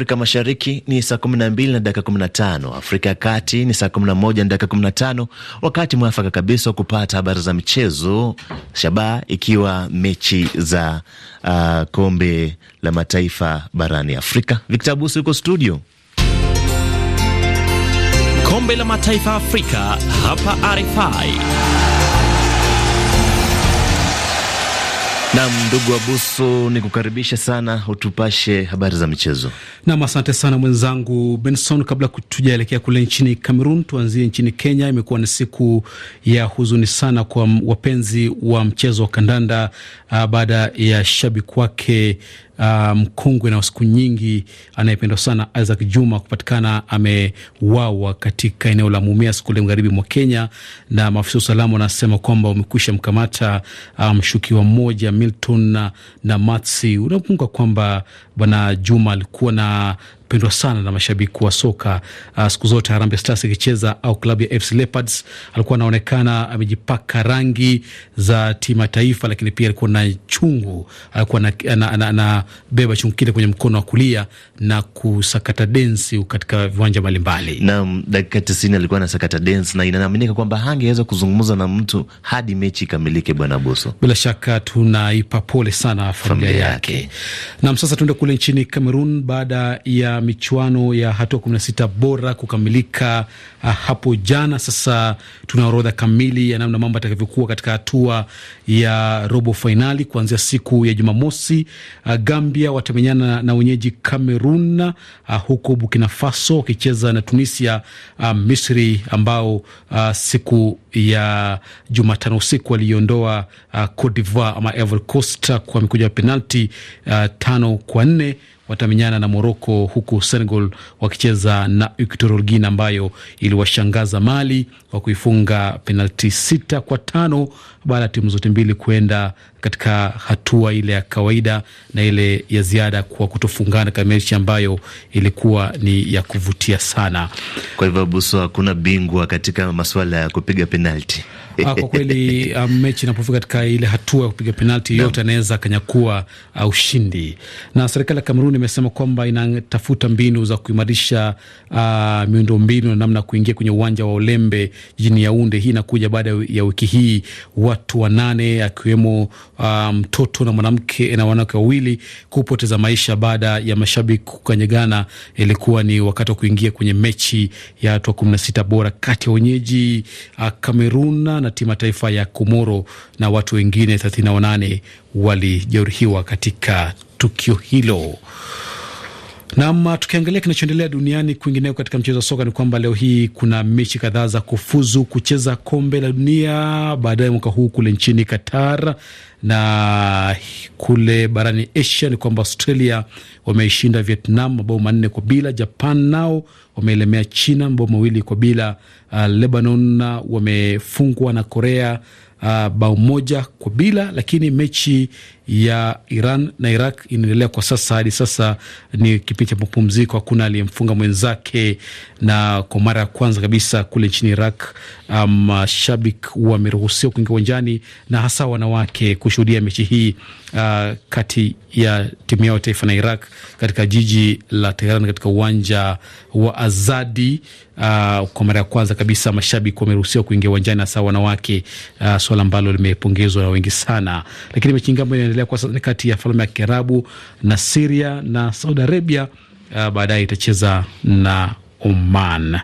Afrika Mashariki ni saa 12 na dakika 15, Afrika ya Kati ni saa 11 na dakika 15, wakati mwafaka kabisa wa kupata habari za michezo shaba, ikiwa mechi za uh, kombe la mataifa barani Afrika. Victor Busu yuko studio. Kombe la mataifa Afrika hapa RFI. Nam, ndugu Abuso, ni kukaribisha sana, utupashe habari za michezo. Nam, asante sana mwenzangu Benson. Kabla tujaelekea kule nchini Cameroon, tuanzie nchini Kenya. Imekuwa ni siku ya huzuni sana kwa wapenzi wa mchezo wa kandanda ah, baada ya shabiki wake Ah, mkongwe um, na siku nyingi anayependwa sana Isaac Juma kupatikana amewawa katika eneo la Mumias kule magharibi mwa Kenya, na maafisa usalama wanasema kwamba wamekwisha mkamata ah, mshukiwa um, mmoja Milton na, na Matsi. Unakumbuka kwamba bwana Juma alikuwa na pendwa sana na mashabiki wa soka uh, siku zote Harambee Stars ikicheza au klabu ya FC Leopards alikuwa anaonekana amejipaka rangi za timu ya taifa, lakini pia alikuwa na chungu, alikuwa anabeba chungu kile kwenye mkono wa kulia na kusakata densi katika viwanja mbalimbali. Naam, dakika tisini alikuwa anasakata densi na inaaminika kwamba hangeweza kuzungumza na mtu hadi mechi ikamilike. Bwana Buso, bila shaka tunaipa pole sana familia yake. Naam, sasa tuende kule nchini Cameroon baada ya michuano ya hatua sita bora kukamilika uh, hapo jana. Sasa tuna orodha kamili ya namna mambo atakavyokuwa katika hatua ya robo fainali kuanzia siku ya Jumamosi. Uh, Gambia watamenyana na wenyeji Cameroon, uh, huko Burkina Faso wakicheza na Tunisia. Uh, Misri ambao uh, siku ya Jumatano usiku waliondoa uh, Cote d'Ivoire ama Ivory Coast kwa mikoja ya penalti uh, tano kwa nne watamenyana na Moroko, huku Senegal wakicheza na Equatorial Guinea ambayo iliwashangaza Mali kwa kuifunga penalti sita kwa tano baada ya timu zote mbili kuenda katika hatua ile ya kawaida na ile ya ziada kwa kutofungana katika mechi ambayo ilikuwa ni ya kuvutia sana. Kwa hivyo Buso, hakuna bingwa katika masuala ya kupiga penalti. Ah, kwa kweli um, mechi inapofika katika ile hatua ya kupiga penalti yote anaweza akanyakua uh, ushindi. Na serikali ya Kamerun imesema kwamba inatafuta mbinu za kuimarisha uh, miundo mbinu na namna kuingia kwenye uwanja wa Olembe jijini Yaunde. Hii inakuja baada ya wiki hii watu wanane akiwemo ah, mtoto um, na mwanamke na wanawake wawili kupoteza maisha baada ya mashabiki kukanyagana. Ilikuwa ni wakati wa kuingia kwenye mechi ya hatua kumi na sita bora kati ya wenyeji Kameruna ah, na timu ya taifa ya Komoro, na watu wengine thelathini na wanane walijeruhiwa katika tukio hilo. Nam, tukiangalia kinachoendelea duniani kwingineko katika mchezo wa soka ni kwamba leo hii kuna mechi kadhaa za kufuzu kucheza kombe la dunia baadaye mwaka huu kule nchini Qatar na kule barani Asia ni kwamba Australia wameishinda Vietnam mabao manne kwa bila. Japan nao wameelemea China mabao mawili kwa bila. Uh, Lebanon wamefungwa na Korea uh, bao moja kwa bila, lakini mechi ya Iran na Iraq inaendelea kwa sasa. Hadi sasa ni kipindi cha mapumziko, hakuna aliyemfunga mwenzake, na kwa mara ya kwanza kabisa kule nchini Iraq ah, mashabiki um, wameruhusiwa kuingia uwanjani na hasa wanawake kushuhudia mechi hii uh, kati ya timu yao taifa na Iraq katika jiji la Teheran katika uwanja wa Azadi. Uh, kwa mara ya kwanza kabisa mashabiki wameruhusiwa kuingia uwanjani hasa wanawake, uh, swala ambalo limepongezwa na wengi sana. Lakini mechi nyingine ambayo inaendelea kwa sasa kati ya falme ya Kiarabu na Siria na Saudi Arabia, uh, baadaye itacheza na Oman.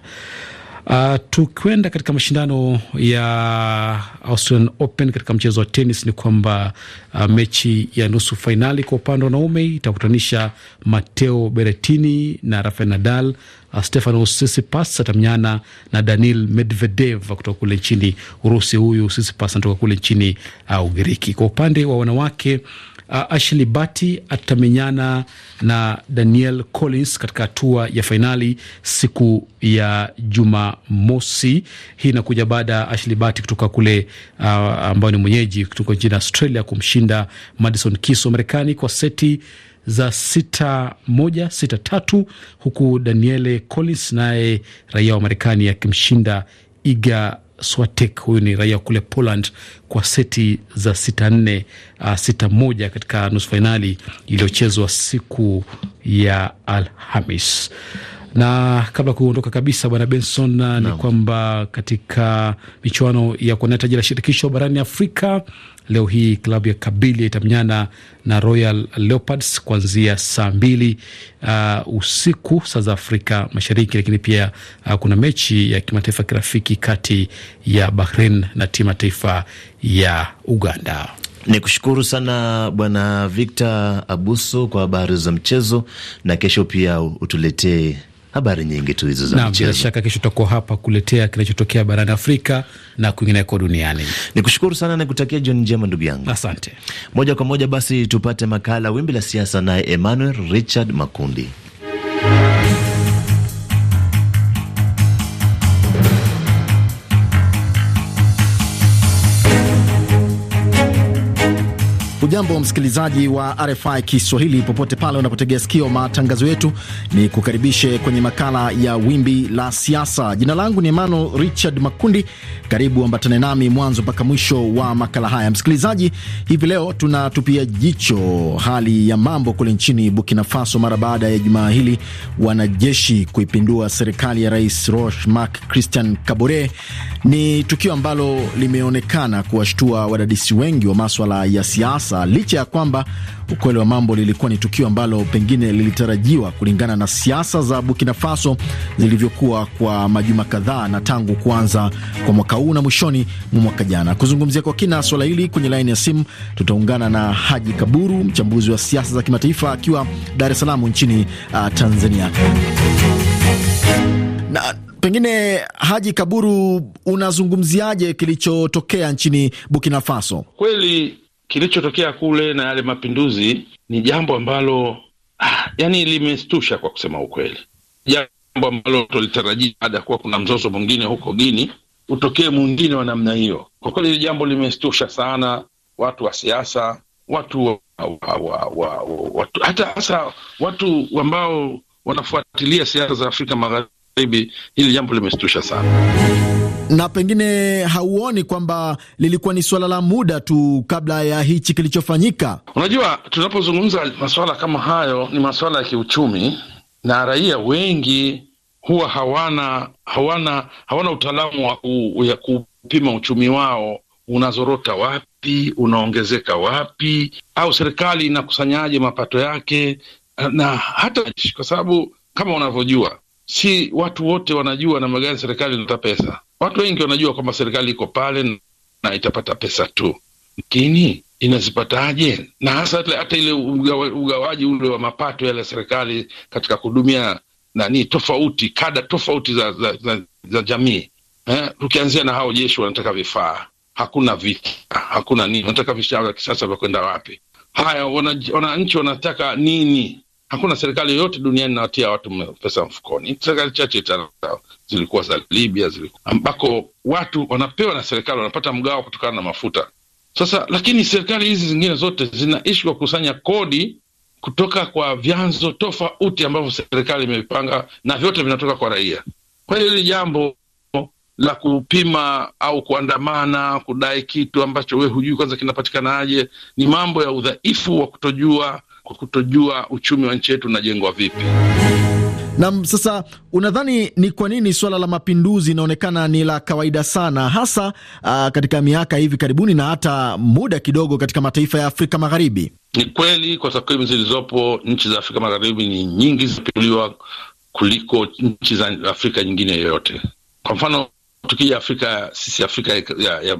Uh, tukwenda katika mashindano ya Australian Open katika mchezo wa tenis ni kwamba uh, mechi ya nusu fainali kwa upande wa wanaume itakutanisha Matteo Berrettini na Rafael Nadal. Uh, ah, Stefanos Tsitsipas atamnyana na Daniil Medvedev kutoka kule nchini Urusi. Huyu Tsitsipas anatoka kule nchini uh, Ugiriki. Kwa upande wa wanawake uh, Ashley Barty atamenyana na Daniel Collins katika hatua ya fainali siku ya Jumamosi. Hii inakuja baada ya Ashley Barty kutoka kule uh, ambayo ni mwenyeji kutoka nchini Australia kumshinda Madison Kiso wa Marekani kwa seti za sita moja sita tatu huku Daniele Collins naye raia wa Marekani akimshinda Iga Swatek, huyu ni raia kule Poland, kwa seti za sita nne uh, sita moja katika nusu fainali iliyochezwa siku ya Alhamis. Na kabla kuondoka kabisa, bwana Benson, no. ni kwamba katika michuano ya kuwania taji la shirikisho barani Afrika leo hii klabu ya Kabylie itamenyana na Royal Leopards kuanzia saa mbili uh, usiku saa za Afrika Mashariki, lakini pia uh, kuna mechi ya kimataifa kirafiki kati ya Bahrain na timu ya taifa ya Uganda. Ni kushukuru sana Bwana Victor Abuso kwa habari za mchezo, na kesho pia utuletee habari nyingi tu hizo za michezo. Bila shaka kesho tutakuwa hapa kuletea kinachotokea barani Afrika na kwingineko duniani. Nikushukuru sana na kutakia jioni njema ndugu yangu, asante. Moja kwa moja basi tupate makala wimbi la siasa, naye Emmanuel Richard Makundi. Ujambo msikilizaji wa RFI Kiswahili popote pale unapotegea sikio matangazo yetu, ni kukaribishe kwenye makala ya wimbi la siasa. Jina langu ni Emmanuel Richard Makundi. Karibu ambatane nami mwanzo mpaka mwisho wa makala haya. Msikilizaji, hivi leo tunatupia jicho hali ya mambo kule nchini Burkina Faso mara baada ya jumaa hili wanajeshi kuipindua serikali ya Rais Roch Marc Christian Kabore. Ni tukio ambalo limeonekana kuwashtua wadadisi wengi wa maswala ya siasa Kinshasa, licha ya kwamba ukweli wa mambo lilikuwa ni tukio ambalo pengine lilitarajiwa kulingana na siasa za Burkina Faso zilivyokuwa kwa majuma kadhaa na tangu kuanza kwa mwaka huu na mwishoni mwa mwaka jana. Kuzungumzia kwa kina swala hili kwenye laini ya simu tutaungana na Haji Kaburu, mchambuzi wa siasa za kimataifa akiwa Dar es Salaam nchini uh, Tanzania na, pengine Haji Kaburu, unazungumziaje kilichotokea nchini Burkina Faso? Kweli kilichotokea kule na yale mapinduzi ni jambo ambalo ah, yani limestusha kwa kusema ukweli, jambo ambalo tulitarajia baada ya kuwa kuna mzozo mwingine huko Guini utokee mwingine wa namna hiyo. Kwa kweli hili jambo limestusha sana watu wa siasa, watu wa, wa, wa, wa, watu, hata hasa watu ambao wanafuatilia siasa za Afrika Magharibi. Hili jambo limestusha sana na pengine hauoni kwamba lilikuwa ni suala la muda tu kabla ya hichi kilichofanyika? Unajua, tunapozungumza masuala kama hayo ni masuala ya kiuchumi, na raia wengi huwa hawana hawana hawana utaalamu wa ya kupima uchumi wao unazorota wapi, unaongezeka wapi, au serikali inakusanyaje mapato yake na hata kwa sababu kama unavyojua si watu wote wanajua namna gani serikali inata pesa. Watu wengi wanajua kwamba serikali iko pale na itapata pesa tu, lakini inazipataje? Na hasa hata ile ugawaji ule wa mapato yale serikali katika kuhudumia nani tofauti, kada tofauti za, za, za, za jamii eh? Tukianzia na hao jeshi wanataka vifaa, hakuna vita, hakuna nini, wanataka vifaa vya kisasa vya kwenda wapi? Haya, wananchi wanataka nini? Hakuna serikali yoyote duniani inawatia watu pesa mfukoni. Serikali chache zilikuwa za Libya, ziliku, ambako watu wanapewa na serikali, wanapata mgao kutokana na mafuta. Sasa lakini serikali hizi zingine zote zinaishi kwa kukusanya kodi kutoka kwa vyanzo tofauti ambavyo serikali imevipanga na vyote vinatoka kwa raia. Kwa hiyo hili jambo la kupima au kuandamana kudai kitu ambacho we hujui kwanza kinapatikanaje, ni mambo ya udhaifu wa kutojua kwa kutojua uchumi wa nchi yetu unajengwa vipi. Nam, sasa unadhani ni kwa nini suala la mapinduzi inaonekana ni la kawaida sana hasa uh, katika miaka hivi karibuni na hata muda kidogo katika mataifa ya Afrika Magharibi? Ni kweli kwa takwimu zilizopo, nchi za Afrika Magharibi ni nyingi zimepinduliwa kuliko nchi za Afrika nyingine yoyote. Kwa mfano tukija Afrika, sisi Afrika ya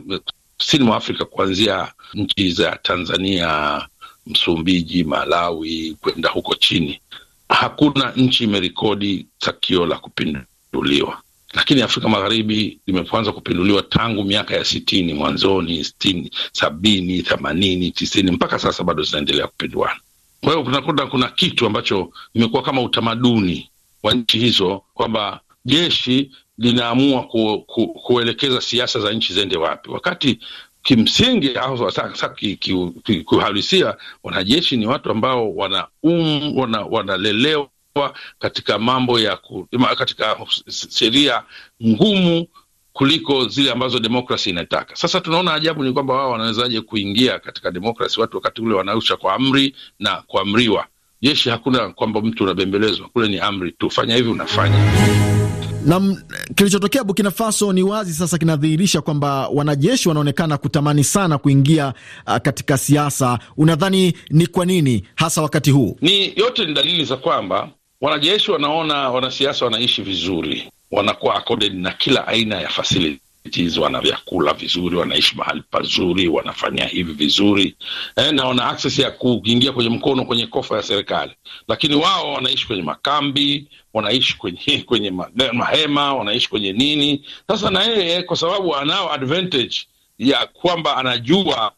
kusini mwa Afrika, kuanzia nchi za Tanzania, Msumbiji, Malawi, kwenda huko chini, hakuna nchi imerekodi takio la kupinduliwa. Lakini Afrika Magharibi limeanza kupinduliwa tangu miaka ya sitini, mwanzoni sitini, sabini, themanini, tisini, mpaka sasa bado zinaendelea kupinduana. Kwa hiyo tunakuta kuna kitu ambacho imekuwa kama utamaduni wa nchi hizo kwamba jeshi linaamua ku, ku, kuelekeza siasa za nchi ziende wapi, wakati kimsingi au kiuhalisia, wanajeshi ni watu ambao wana um, wana, wanalelewa katika mambo ya ku, katika sheria ngumu kuliko zile ambazo demokrasi inataka. Sasa tunaona ajabu ni kwamba wao wanawezaje kuingia katika demokrasi, watu wakati ule wanausha kwa amri na kuamriwa. Jeshi hakuna kwamba mtu unabembelezwa, kule ni amri tu, fanya hivi, unafanya Nam, kilichotokea Burkina Faso ni wazi sasa kinadhihirisha kwamba wanajeshi wanaonekana kutamani sana kuingia uh, katika siasa. Unadhani ni kwa nini hasa wakati huu? Ni yote ni dalili za kwamba wanajeshi wanaona wanasiasa wanaishi vizuri, wanakuwa accorded na kila aina ya facility communities wana vyakula vizuri, wanaishi mahali pazuri, wanafanya hivi vizuri eh, na wana access ya kuingia kwenye mkono kwenye kofa ya serikali, lakini wao wanaishi kwenye makambi, wanaishi kwenye kwenye eh, mahema, wanaishi kwenye nini. Sasa na yeye kwa sababu anao advantage ya kwamba anajua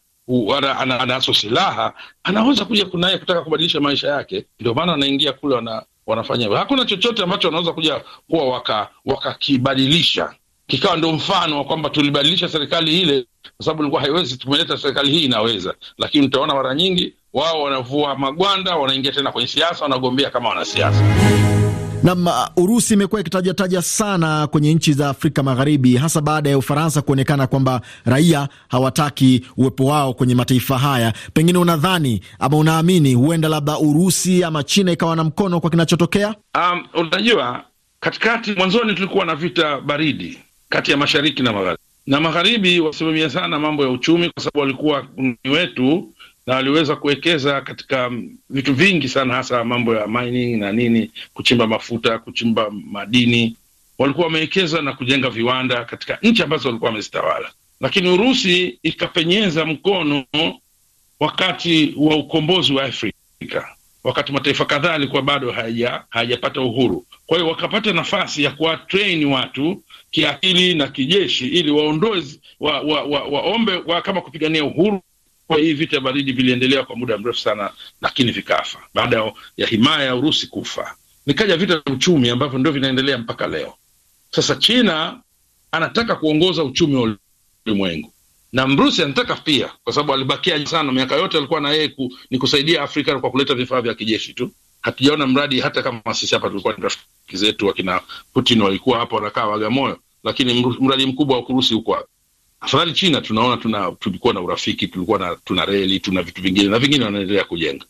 anaso silaha, anaweza kuja kunaye kutaka kubadilisha maisha yake, ndio maana anaingia kule, wana, wanafanya hakuna chochote ambacho wanaweza kuja kuwa wakakibadilisha waka kikawa ndio mfano wa kwamba tulibadilisha serikali ile, kwa sababu ilikuwa haiwezi, tumeleta serikali hii inaweza. Lakini utaona mara nyingi wao wanavua magwanda, wanaingia tena kwenye siasa, wanagombea kama wanasiasa. Nam, uh, Urusi imekuwa ikitajataja sana kwenye nchi za Afrika Magharibi, hasa baada ya Ufaransa kuonekana kwamba raia hawataki uwepo wao kwenye mataifa haya. Pengine unadhani ama unaamini huenda labda Urusi ama China ikawa na mkono kwa kinachotokea? Um, unajua katikati, mwanzoni tulikuwa na vita baridi kati ya mashariki na magharibi, na magharibi wasimamia sana mambo ya uchumi, kwa sababu walikuwa ni wetu na waliweza kuwekeza katika vitu vingi sana, hasa mambo ya mining na nini, kuchimba mafuta, kuchimba madini. Walikuwa wamewekeza na kujenga viwanda katika nchi ambazo walikuwa wamezitawala, lakini Urusi ikapenyeza mkono wakati wa ukombozi wa Afrika wakati mataifa kadhaa yalikuwa bado hayajapata uhuru. Kwa hiyo wakapata nafasi ya kuwatrain watu kiakili na kijeshi, ili waondoe wa, wa, wa, waombe wa kama kupigania uhuru. Kwa hii vita baridi viliendelea kwa muda mrefu sana, lakini vikafa baada ya himaya ya Urusi kufa. Nikaja vita vya uchumi ambavyo ndio vinaendelea mpaka leo. Sasa China anataka kuongoza uchumi wa ulimwengu na Mbrusi anataka pia, kwa sababu alibakia sana miaka yote alikuwa na yeye ku, ni kusaidia Afrika kwa kuleta vifaa vya kijeshi tu. Hatujaona mradi hata kama sisi hapa tulikuwa ni rafiki zetu, wakina Putin walikuwa hapa wanakaa Wagamoyo, lakini mradi mkubwa wa kurusi huko hapa. Afadhali China tunaona tuna, tulikuwa na urafiki, tulikuwa na, tuna reli, tuna vitu vingine na vingine wanaendelea kujenga.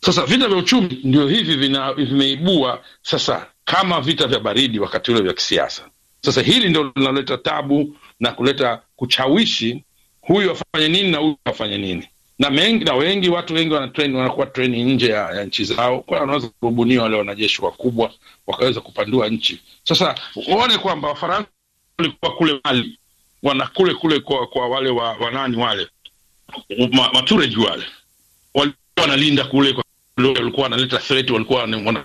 Sasa vita vya uchumi ndio hivi vimeibua sasa kama vita vya baridi wakati ule vya kisiasa. Sasa hili ndio linaleta tabu na kuleta kuchawishi huyu afanye nini na huyu afanye nini na mengi, na wengi watu wengi wana wanakuwa treni nje ya, ya nchi zao, kwa wanaweza kurubuniwa wale wanajeshi wakubwa wakaweza kupandua nchi. Sasa uone kwamba Wafaransa walikuwa kule Mali wana kule kule kwa, kwa wale wa, wanani wale Ma, matureji wale walikuwa wanalinda kule, walikuwa wanaleta threat, walikuwa wana,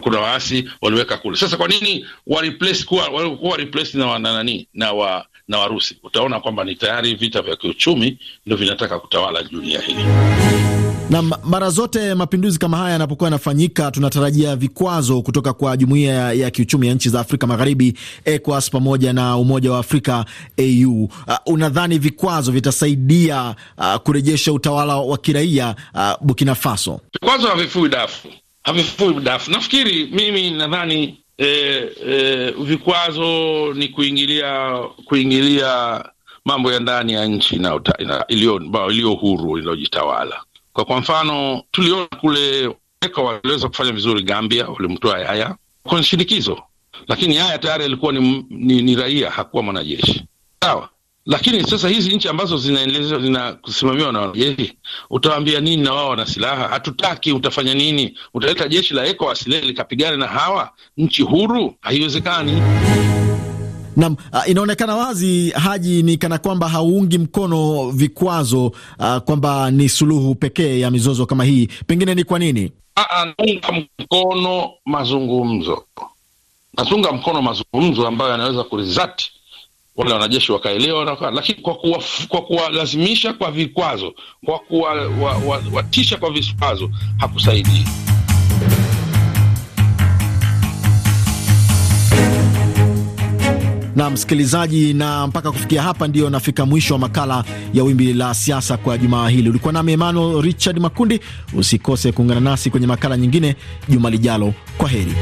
kuna waasi waliweka kule. Sasa kwa nini wa replace kuwa walikuwa replace na wanani na wa na Warusi, utaona kwamba ni tayari vita vya kiuchumi ndio vinataka kutawala dunia hii. Na mara zote mapinduzi kama haya yanapokuwa yanafanyika, tunatarajia vikwazo kutoka kwa jumuiya ya, ya kiuchumi ya nchi za Afrika Magharibi, ECOWAS pamoja na Umoja wa Afrika AU. Uh, unadhani vikwazo vitasaidia uh, kurejesha utawala wa kiraia uh, Burkina Faso? Vikwazo havifui dafu, havifui dafu. Nafikiri mimi nadhani e, e, vikwazo ni kuingilia kuingilia mambo ya ndani ya nchi iliyo huru iliyojitawala. Kwa kwa mfano tuliona kule eka waliweza kufanya vizuri Gambia, walimtoa Yaya kwa shinikizo, lakini Yaya tayari alikuwa ni, ni, ni raia, hakuwa mwanajeshi sawa lakini sasa hizi nchi ambazo zinaendelezwa zinasimamiwa na wanajeshi, utawaambia nini? Na wao wana silaha, hatutaki. Utafanya nini? Utaleta jeshi la ECOWAS lile likapigane na hawa nchi huru? Haiwezekani. Nam, ah, inaonekana wazi Haji, ni kana kwamba hauungi mkono vikwazo uh, kwamba ni suluhu pekee ya mizozo kama hii. Pengine ni kwa nini? Ah, naunga mkono mazungumzo, natunga mkono mazungumzo ambayo yanaweza kurizati wale wanajeshi wakaelewa na, lakini kwa kuwa, kwa kuwalazimisha kwa vikwazo, kwa kuwatisha kwa vikwazo hakusaidii. na msikilizaji, na mpaka kufikia hapa ndiyo nafika mwisho wa makala ya Wimbi la Siasa kwa jumaa hili. Ulikuwa nami Emmanuel Richard Makundi. Usikose kuungana nasi kwenye makala nyingine juma lijalo. Kwa heri.